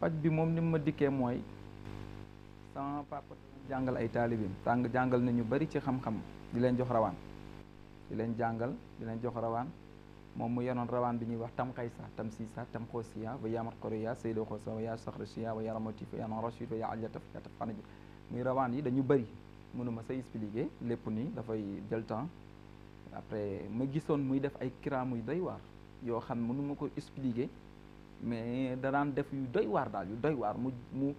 paj bi moom ni ma dikkee mooy sama papa jàngal ay taalibeem tàng jàngal na ñu bari ci xam-xam di leen jox rawaan di leen jàngal di leen jox rawaan moom mu yenoon rawaan bi ñuy wax tam xaysa tam siisa tam xoosiya ba yaamat xoriya saydo xoosa wa yaa saxrasiya wa yaa ramati fa yaa rashid fa yaa aljataf yaa tafana ji muy rawaan yi dañu bëri mënuma say expliquer lépp nii dafay jël temps après ma gisoon muy def ay kiraamuy day waar yoo xam mënuma ko expliquer mais da daan def yu doy waar daal yu doy waar mu mu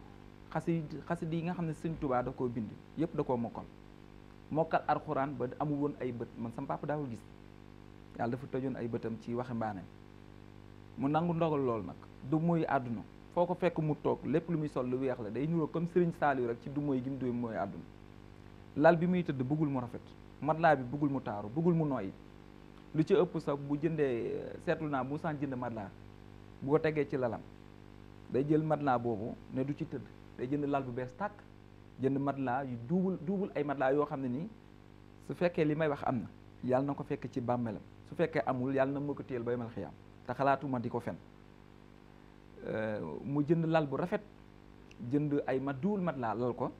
xasi xasidi yi nga xam ne sëñ Tuubaa da koo bind yëpp da koo mokkal mokkal alxuraan ba amul woon ay bët man sa papa daa ko gis yàlla dafa tëjoon ay bëtam ci waxambaane mu nangu ndogal lool nag du mooy àdduna foo ko fekk mu toog lépp lu muy sol lu weex la day nuroo comme Serigne Saliou rek ci du mooy gi mu du mooy àdduna lal bi muy tëdd bëggul mu rafet matelas bi bëggul mu taaru bëggul mu noy lu ci ëpp sax bu jëndee seetlu naa bu saan jënd matelas boo tegee ci lalam day jël mat matelas boobu ne du ci tëdd day jënd lal bu bees tàkk jënd matelas yu duubul duubul ay matelas yoo xam ne nii su fekkee li may wax am na yàlla na ko fekk ci bàmmeelam su fekkee amul yàlla na ma ko téyel bay mal xiyaam te xalaatuma di ko fen euh, mu jënd lal bu rafet jënd ay mat ma duul laa lal ko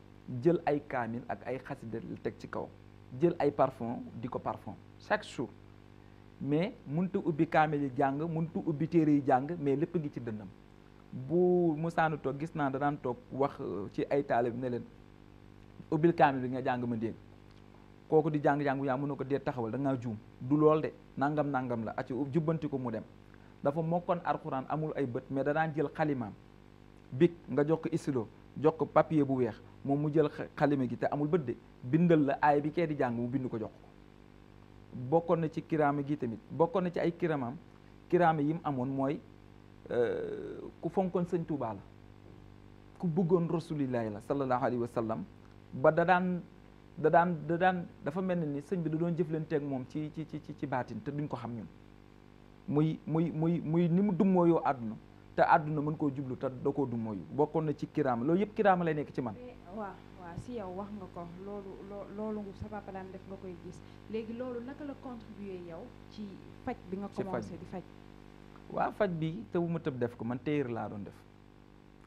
jël ay kaamil ak ay xasida teg ci kaw jël ay parfum di ko parfum chaque jour mais muntu ubi kame kaamil muntu ubi mënut a ubbi téere yi jàng mais ngi ci dëndam bu musanu toog gis naa danaan to wax euh, ci ay ta ne nelen. ubi kame bi nga jàng ma dégg di jàng-jàng ya mën ko dee taxawal da ngaa juum du nanggam de nangam nangam la aci jubanti ko mu dem dafa mokkoon amul ay bët mais danaan jël xalimaam bik nga jox ko isilo jox ko papier bu weex moom mu jël xalima gi ta amul bët de bindal la aay bi kee di jàng mu bindu ko jox ko bokkoon na ci kiraama gi tamit bokkoon na ci ay kiraamam kiraama yi mu amoon mooy euh, ku fonkoon sëñ Tuubaa la ku bëggoon rasulillahi la sallallahu alayhi wa ba da daan da daan da daan dafa mel ni sëñ bi da doon jëflanteeg moom ci ci ci ci baatin te duñ ko xam ñun muy muy muy muy ni mu dummooyoo àdduna te àdduna mën koo jublu te da koo dummooyu bokkoon na ci kiraama loolu yëpp kiraama lay nekk ci man eh, si yow ya wax nga ko loolu loolu sa papa daan def nga koy gis léegi loolu naka la contribuer yow ci faj bi nga commencé di faj waa faj bi tëbuma tëb def ko man téer laa doon def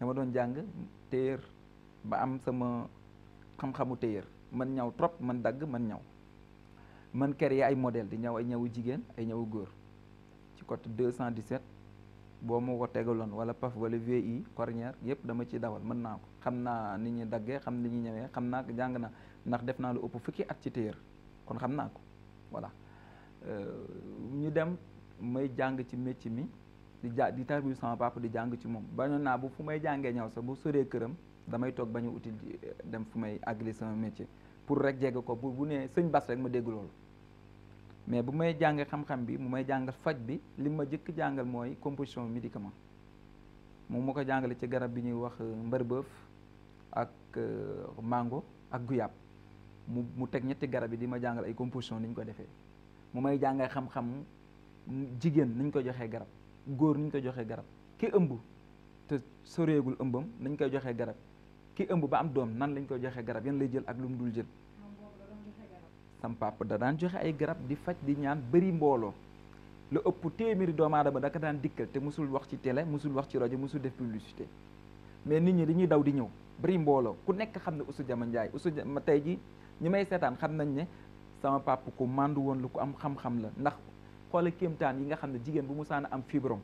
dama doon jàng téer ba am sama xam-xamu téer man ñaw trop man dagg man ñaw man créer ay modèle di ñaw ay ñawu jigéen ay ñawu góor ci côté 217 boo mu ko tegaloon wala PAF wala VI cornière yëpp dama ciy dawal mën naa ko xam naa ni ñuy daggee xam ni ñuy ñëwee xam naa jàng na ndax def naa lu ëpp fukki at ci téer kon xam naa ko voilà euh, ñu dem may jàng ci métier mi di ja di tarbi sama papa di jàng ci moom ba naa bu fu may jàngee ñaw sax bu soree këram damay toog ñu uti dem fu may àggali sama métier pour rek jege ko bu bu nee sëñ Bas rek ma dégg loolu mais bu may jàng xam-xam bi mu may jàngal faj bi li ma jëkk jàngal mooy composition médicament moom ma ko jàngale ci garab bi ñuy wax euh, mbërbëf ak euh, mango ak guyab mu mu teg ñetti garab yi di ma jàngal ay composition ni ñu ko defee mu may jàngal xam-xam jigéen niñ ko joxee garab góor niñ ko joxee garab ki ëmb te soreegul ëmbam nañ koy joxee garab ki ëmb ba am doom nan lañ koy joxee garab yan lay jël ak lu mu dul jël sam papa da daan joxe ay garab di faj di ñaan bëri mbooloo lu ëpp téeméeri doomu aadama da ka daan dikkal te musul wax ci télé musul wax ci rajo mosul def publicité mais nit ñi dañuy daw di ñëw bëri mbooloo ku nekk xam ne Ousou Diama Ndiaye Ousou Diama tey ji ñi may seetaan xam nañ ne sama papa ku màndu woon lu ko am xam-xam la ndax xoola kéemtaan yi nga xam ne jigéen bu mu saana am fibrom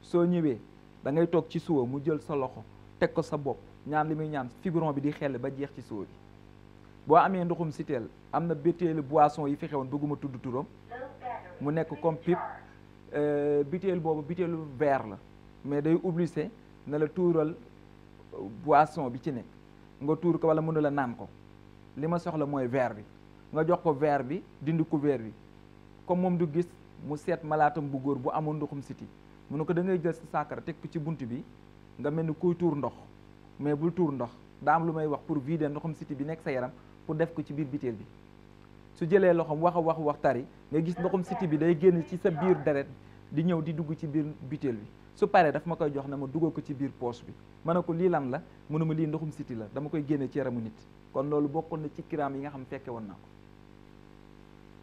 soo ñëwee da ngay toog ci suwa mu jël sa loxo teg ko sa bopp ñaan li muy ñaan fibron bi di xel ba jeex ci suwa bi boo amee ndoxum siteel am na bitéelu boisson yi fi xewoon bëgguma tudd turam mu nekk comme pipe euh, bitéel boobu bitéelu verre la mais day obligé na la tuural boisson bi ci ne nga tuur ko wala mënu la naan ko li ma soxla mooy verre bi nga jox ko ver bi dindi couvert bi comme moom du gis mu seet malaatam bu góor bu amoon ndoxum siti mu ne ko da ngay jël sa saakara teg ci bunt bi nga mel ni kuy tuur ndox mais bul tuur ndox daa lu may wax pour vider ndoxum siti bi nekk sa yaram pour def ko ci biir biteel bi su jëlee loxoom wax a wax wax nga gis ndoxum siti bi day génn ci sa biir deret di ñëw di dugg ci biir biteel bi su paree daf ma koy jox na ma dugal ko ci biir poche bi ma ne ko lii lan la mënu ma lii ndoxum siti la dama koy génne ci yaramu nit kon loolu bokkoon na ci kiraam yi nga xam fekke woon naa ko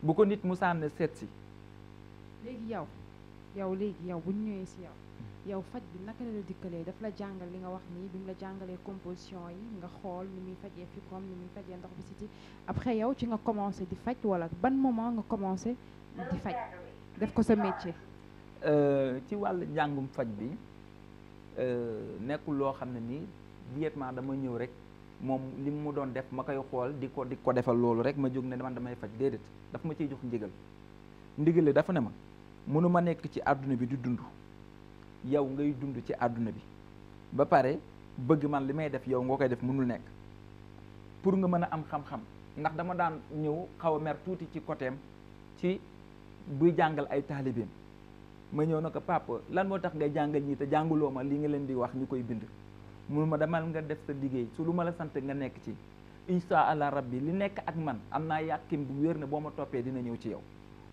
bu ko nit mu sànne seet si léegi yow yow léegi yow bu ñu ñëwee yow faj bi naka la la dikkalee daf la jàngal li nga wax nii bi mu la jàngalee composition yi nga xool ni muy fajee fibromes ni muy fajee ndox bi ci après yow ci nga commencé di faj wala ban moment nga commencé di faj def ko sa métier. Euh, ci wàllu njàngum faj bi euh, nekkul loo xam ne nii directement dama ñëw rek moom li mu doon def ma koy xool di ko di ko defal loolu rek ma jóg ne man damay faj déedéet daf ma ciy jox ndigal ndigale dafa ne ma mënu ma nekk ci àdduna bi di dund. yow ngay dund ci àdduna bi ba pare bëgg man li may def yow ngoo koy def mënul nekk pour nga mën a am xam-xam ndax dama daan ñëw xaw a mer tuuti ci côté ci buy jàngal ay taalibeem ma ñëw na ko papa lan moo tax ngay jàngal ñii te jànguloo ma li nga leen di wax ñu koy bind mënu ma demal nga def sa liggéey su lu ma la sant nga nekk ci insha allah bi li nekk ak man am naa yàqin bu wér ne boo ma toppee dina ñëw ci yow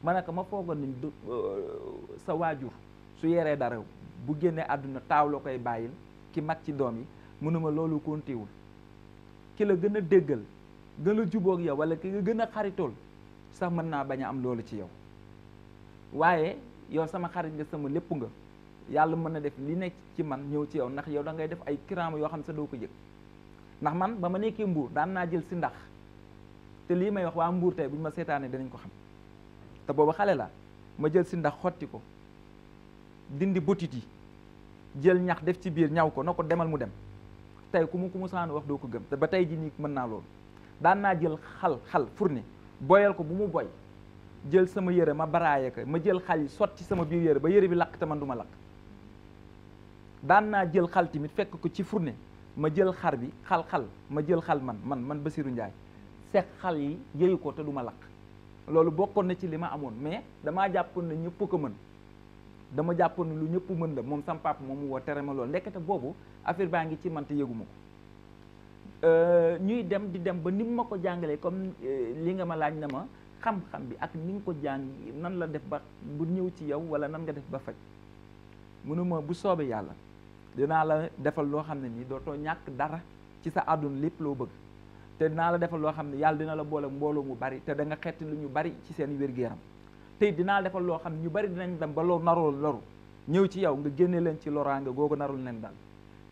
ma ne ko ma foogoon ni euh, sa waajur su yeree dara bu génnee àdduna taaw la koy bàyyil ki mat ci doom yi mënuma loolu kontiwul ki la gën a déggal gën a jubóog yow wala ki nga gën a xaritool sax mën naa bañ a am loolu ci yow waaye yow sama xarit nga sama lépp nga yàlla mën na def li nekk ci man ñëw ci yow ndax yow da ngay def ay kiraam yoo xam ne sa doo ko jëg ndax man ba ma nekkee mbuur daan naa jël si ndax te lii may wax waa mbuur tey bu ñu ma seetaanee danañ ko xam te boobu xale la ma jël si ndax xotti ko dindi botiti jël ñax def ci biir ñaw ko nako demal mu dem tay ku mu ku mu wax do ko gëm te ba ji ni mën na lool da na jël xal xal fourni boyal ko bu mu boy jël sama yere ma baraaye ko ma jël xal yi sot ci sama biir yere ba yere bi lak te man duma lak da na jël xal timit fekk ko ci fourni ma jël xar bi xal xal ma jël xal man man man Basiru ndjay sék xal yi yeyu ko te duma lak lakk loolu na ci lima amone mais dama ne ko meun dama jàppoon lu ñëpp mën la moom sam moom mu woo tere ma lool ndekete boobu affaire baa ngi ci man te yëguma ko euh, ñuy dem di dem ba ni mu ma ko jàngalee comme euh, li nga ma laaj na ma xam-xam bi ak ni nga ko jàng nan la def ba bu ñëw ci yow wala nan nga def ba faj mënuma bu soobee yàlla dinaa la defal loo xam ne nii dootoo ñàkk dara ci sa àdduna lépp loo bëgg te naa la defal loo xam ne yàlla dina la boole mbooloo mu bari te da nga xetti lu ñu bari ci seen wér gu tey dinaa defal loo xam ne ñu bari dinañ dem ba loo narul loru ñëw ci yow nga génne leen ci loraange googu narul leen daal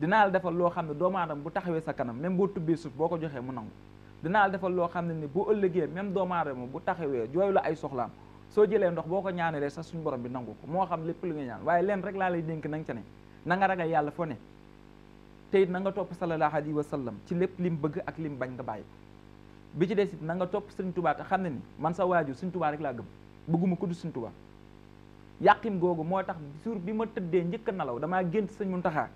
dinaa la defal loo xam ne doomu bu taxawee sa kanam même boo tubbee suuf boo ko joxee mu nangu dinaa la defal loo xam ne ni bu ëllëgee même doomu aadama bu taxawee jooyu la ay soxlaam soo jëlee ndox boo ko ñaanee ñaanalee sax suñu borom bi nangu ko moo xam lépp li nga ñaan waaye leen rek laa lay dénk nanga ca ne na nga yàlla fo ne te na nga topp sallallahu alayhi wa sallam ci lépp lim bëgg ak lim bañ nga bàyyi bi ci des na nga topp Sëriñ Tuubaa xam ne ni man sa waajur Sëriñ rek laa gëm bëgguma ko du Sëñ Tuubaa yàqin googu moo tax jour bi ma tëddee njëkk nelaw damaa gént Sëñ Muntaxaa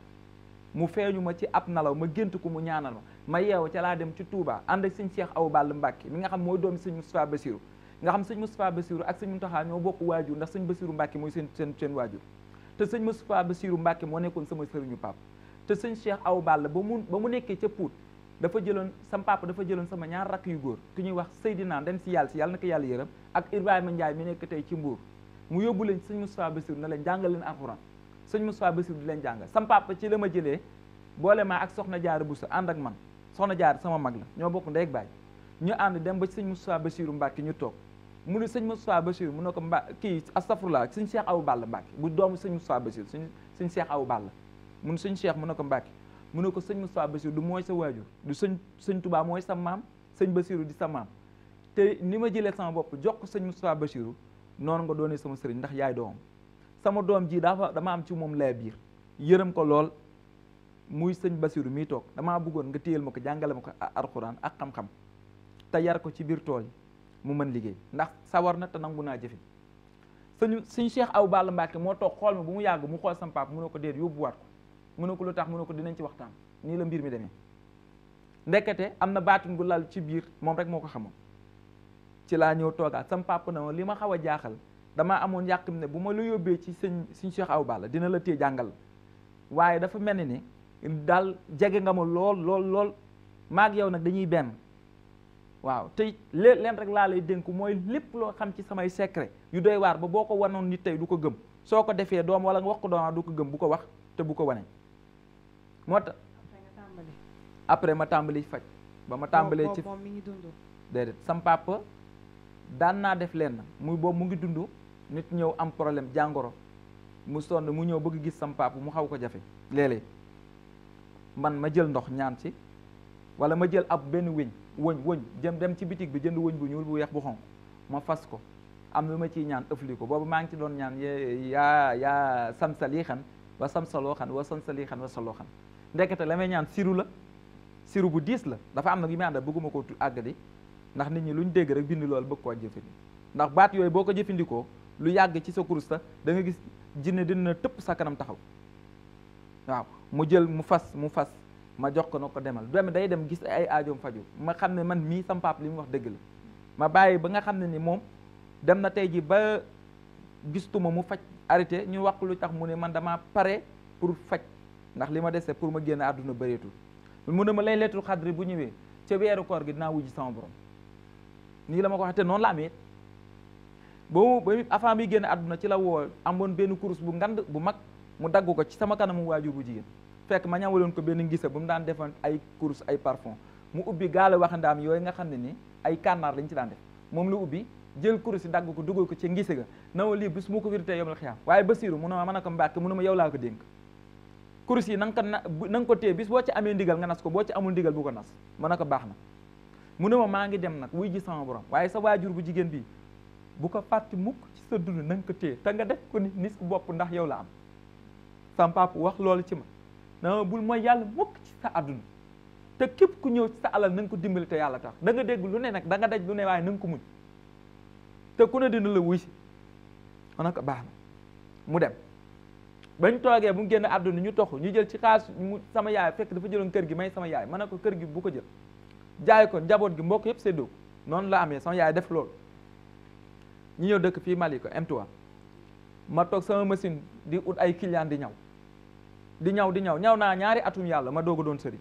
mu feeñu ma ci ab nalaw ma gént ko mu ñaanal ma ma yeew ca laa dem ci Touba ànd ak sëñ Cheikh aw Balla Mbacke mi nga xam mooy doomi sëñ Moustapha Bassirou nga xam sëñ Moustapha Bassirou ak sëñ Mountakha ñoo bokk waajur ndax sëñ Bassirou Mbacke mooy seen seen seen waajur te sëñ Moustapha Bassirou Mbacke moo nekkoon sama sëriñu pap te sëñ Cheikh aw Balla ba mu ba mu nekkee ca Pout dafa jëlone sam papa dafa jëlone sama ñaar rak yu goor ku ñuy wax sayidina dem ci yalla ci yalla naka yalla yeeram ak Ibrahima ndjay mi nekk tay ci mbur mu yobbu leen seigne moussa bassir na leen jangal leen alcorane seigne moussa bassir di leen jangal sam papa ci lama ma jëlee boole maa ak soxna bu sa and ak man soxna jaar sama mag la ño bokku ndey ak baay ñu and dem ba seigne moussa bassir Mbacke ñu tok mu ni seigne moussa bassir mu noko ko mba kii astafurlaa sëñ Cheikh abou Balla Mbacke bu doomu seigne moussa bassir seigne Cheikh abou Balla mu ne Cheikh mu noko Mbacke mu ne ko sëñ Moustapha Bassirou du mooy sa waajur du sëñ sëñ Touba mooy sa maam sëñ Bassirou di sa maam te ni ma jëlee sama bopp jox ko sëñ Moustapha Bassirou noonu nga doonee sama sëriñ ndax yaay doomam sama doom ji dafa dama am ci moom lay biir yërëm ko lool muy sëñ Bassirou miy toog damaa bëggoon nga téyel ma ko jàngale ma ko alxuraan ak xam-xam te yar ko ci biir tool yi mu mën liggéey ndax sawar na te nangu naa jëfe sëñ sëñ Cheikh Aw Balla Mbacke moo toog xool ma mu yàgg mu xool sama papa mu ne ko déet yóbbuwaat mu ne ko lu tax mu ne ko dinañ ci waxtaan nii la mbir mi demee ndekete am na baatin bu lal ci biir moom rek moo ko xamoon ci laa ñëw toogaat sam papa na li ma xaw a jaaxal dama amoon yàqam ne bu ma la yóbbee ci sëñ suñ Cheikh aw Balla dina la téye jàngal waaye dafa mel ni ne daal jege nga ma lool lool lool maag yow nag dañuy benn waaw tey leen leen rek laa lay dénku mooy lépp loo xam ci samay secret yu doy waar ba boo ko wanoon nit tey du ko gëm soo ko defee doom wala wax ko doom du ko gëm bu ko wax te bu ko wane moo tax après ma tàmbali faj ba ma tàmbalee ci moom mi ngi dund déedéet sam papa daan naa def lenn muy boobu mu ngi dund nit ñëw am problème jàngoro mu sonn mu ñëw bëgg gis sam papa mu xaw ko jafe léeg-léeg man ma jël ndox ñaan ci wala ma jël ab benn wëñ wëñ wëñ jëm dem ci bitig bi jënd wëñ bu ñuul bu weex bu xonq ma fas ko am lu ma ciy ñaan ëfli ko boobu maa ngi ci doon ñaan yaa yaa samsalii xan wa samsaloo xan wa samsalii xan wa saloo xan ndekete la may ñaan siru la siru bu diis la dafa am na yu may àndal bëgguma koo àggadi ndax nit ñi lu ñu dégg rek bind loolu bëgg koo jëfandi ndax baat yooyu boo ko jëfandikoo lu yàgg ci sa kurus ta danga nga gis jinne na tëpp sa kanam taxaw waaw mu jël mu fas mu fas ma jox ko na ko demal dem day dem gis ay ajoom faju ma xam ne man mii sam pap li mu wax dëgg la ma bàyyi ba nga xam ne ni moom dem na tey ji ba gistuma mu faj arrêté ñu wax lu tax mu ne man dama pare ndax lima desa dese pour ma génn aduna bëreetul mu ne ma lettre khadri bu ñëwee ci wéru koor gi dina wuji sama borom ni lama ko waxee non la met bo bo ba avant bi génn ci la wo amone ben kurus bu ngand bu mag mu daggu ko ci sama kanamu waajur bu jigen fekk ma ñawaloon ko ben bu mu daan defal ay kurus ay parfum mu ubbi gaale waxandaam yoy nga xamné ni ay kànnaar lañ ci daan def mom lu ubbi jël kurus yi ko dugal ko ci ngise ga na bis moko wirté yomul yomal waye basiru mu na ma mu na ma yow la ko denk kurus yi na nga ko na na ko téye bis boo ci amee ndigal nga nas ko boo ci amul ndigal bu ko nas ma na ko baax na mu ne ma maa ngi dem nag wuy ji sama borom waaye sa bu jigéen bii bu ko fàtte mukk ci sa ko téye te nga def ko nis bopp ndax yow la am sama papa wax loolu ci ma na bul mooy yàlla mukk sa àdduna te képp ku ñëw ci sa alal na ko dimbali te yàlla tax da nga dégg lu ne nag da nga daj ne waaye na ko muñ ku ne dina la wuy si ma ne mu dem bañ toogee bu mu génn àdduna ñu toxu ñu jël ci xaalis mu sama yaay fekk dafa jëloon kër gi may sama yaay ma ne ko kër gi bu ko jël jaay ko njaboot gi mbokk yëpp séddoo noonu la amee sama yaay def loolu ñu ñëw dëkk fii Mali ko m ma toog sama machine di ut ay client di ñaw di ñaw di ñaw ñaw naa ñaari atum yàlla ma doog doon sëriñ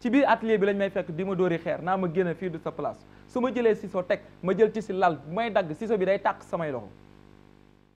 ci biir atelier bi lañ may fekk di ma dóori xeer naa ma génn fii du sa place su ma jëlee ciseau teg ma jël ci si lal may dagg ciseau bi day tàq samay loxo